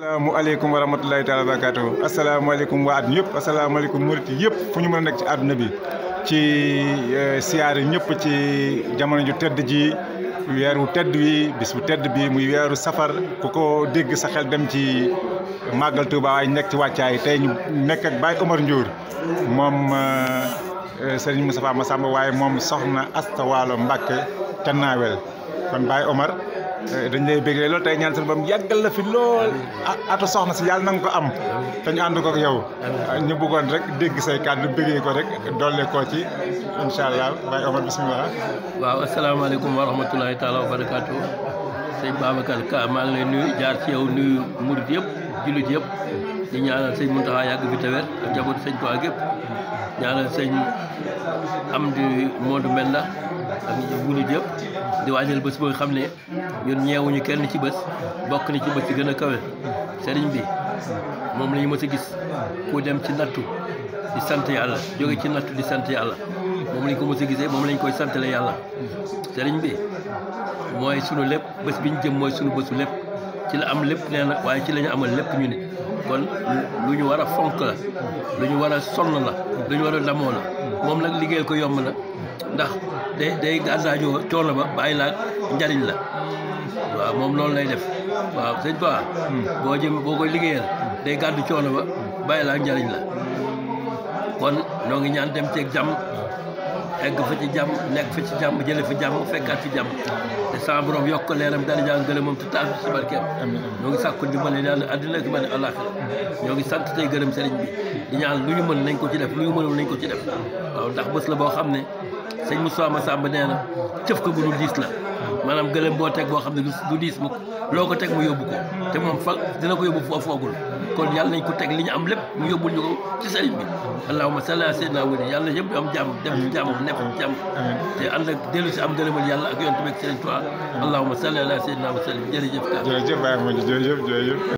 asalaamaaleykum wa rahmatulahi taala barakaatu asalaamaaleykum waa àdduna yëpp asalaamaaleykum murit yëpp fu ñu mën a nekk ci àdduna bi ci eh, siyaare ñëpp ci jamono ju tedd ji wu tedd wi bis bu tedd bi muy weeru safar ku ko dégg sa xel dem ci màggal Tuuba waaye nekk ci wàccaay tey ñu nekk ak Baye Omar Ndiour moom eh, eh, Serigne Moustapha Massamba waaye moom soxna Asta Waalo Mbàkke ca naawel kon Baye Omar dañ lay béglee loolu tey ñaan seen borom yàggal na fi lool atu soxna si yàlla nanga ko am te ñu ànd ko ak yow ñu buggoon rek dégg say kàddu bégee ko rek doole koo ci incha allah waaye Omar bisimilah. waaw asalaamaaleykum wa rahmatulahi taala wa barakaatu sëñ Babacar Ka maa ngi lay nuyu jaar ci yow nuyu murid yëpp jullit yëpp di ñaanal sëñ Muntaxa yàgg fi tawet ak njaboot sëñ ko gépp yëpp ñaanal sëñ am di Modou Mbenda ak jullit yëpp di waajal bés boo xam ne ñun ñeewuñu kenn ci bës bokk na ci bés yi gën a kawe sëriñ bi moom la ma mës gis ku dem ci nattu di sant yàlla jóge ci nattu di sant yàlla moom lañ ko mës a gisee moom lañ koy santale yàlla sëriñ bi mooy sunu lépp bés bi ñu jëm mooy sunu bësu lépp ci la am lépp nee nag waaye ci lañu ñu amal lépp ñu ne kon lu ñu war a fonk la lu ñu war a sonn la lu ñu war a damoo la moom nag liggéey ko yomb na ndax day day gàddaajoo coono ba ay laaj njariñ la waaw moom loolu lay def waaw sëñ Ba boo jëm boo koy liggéeyal day gàddu coono ba bàyyi laag njariñ la kon noo ngi ñaan dem ceeg jàmm egg fa ci jàmm nekk fa ci jàmm jële fa jàmm fekkaat ci jàmm te sa borom yokk leeram dara jàng gëlëm moom te taal ci barkeem ñoo ngi sàkku ndimbal yàlla àddina ak mel ne àllaaxira ñoo ngi sant tey gërëm sëriñ bi di ñaan lu ñu mën nañ ko ci def lu ñu mënul nañ ko ci def waaw ndax bés la boo xam ne sëñ Moussa Massamba nee na cëf ko bu dul diis la maanaam gëlëm boo teg boo xam ne du diis mukk loo ko teg mu yóbbu ko te moom fa dina ko yóbbu foo foogul kon yàlla nañ ko teg li ñu am lépp mu yóbbul ñu ko ci sëriñ bi allahumma salli ala sayyidina wa yàlla yëpp ñu jàmm def ci jàmm nekk ci jàmm te ànd ak dellu si am gërëmal yàlla ak yonent bi ak sëriñ Tuubaa allahumma salli ala sayyidina wa sallim jërëjëf ka jërëjëf Baye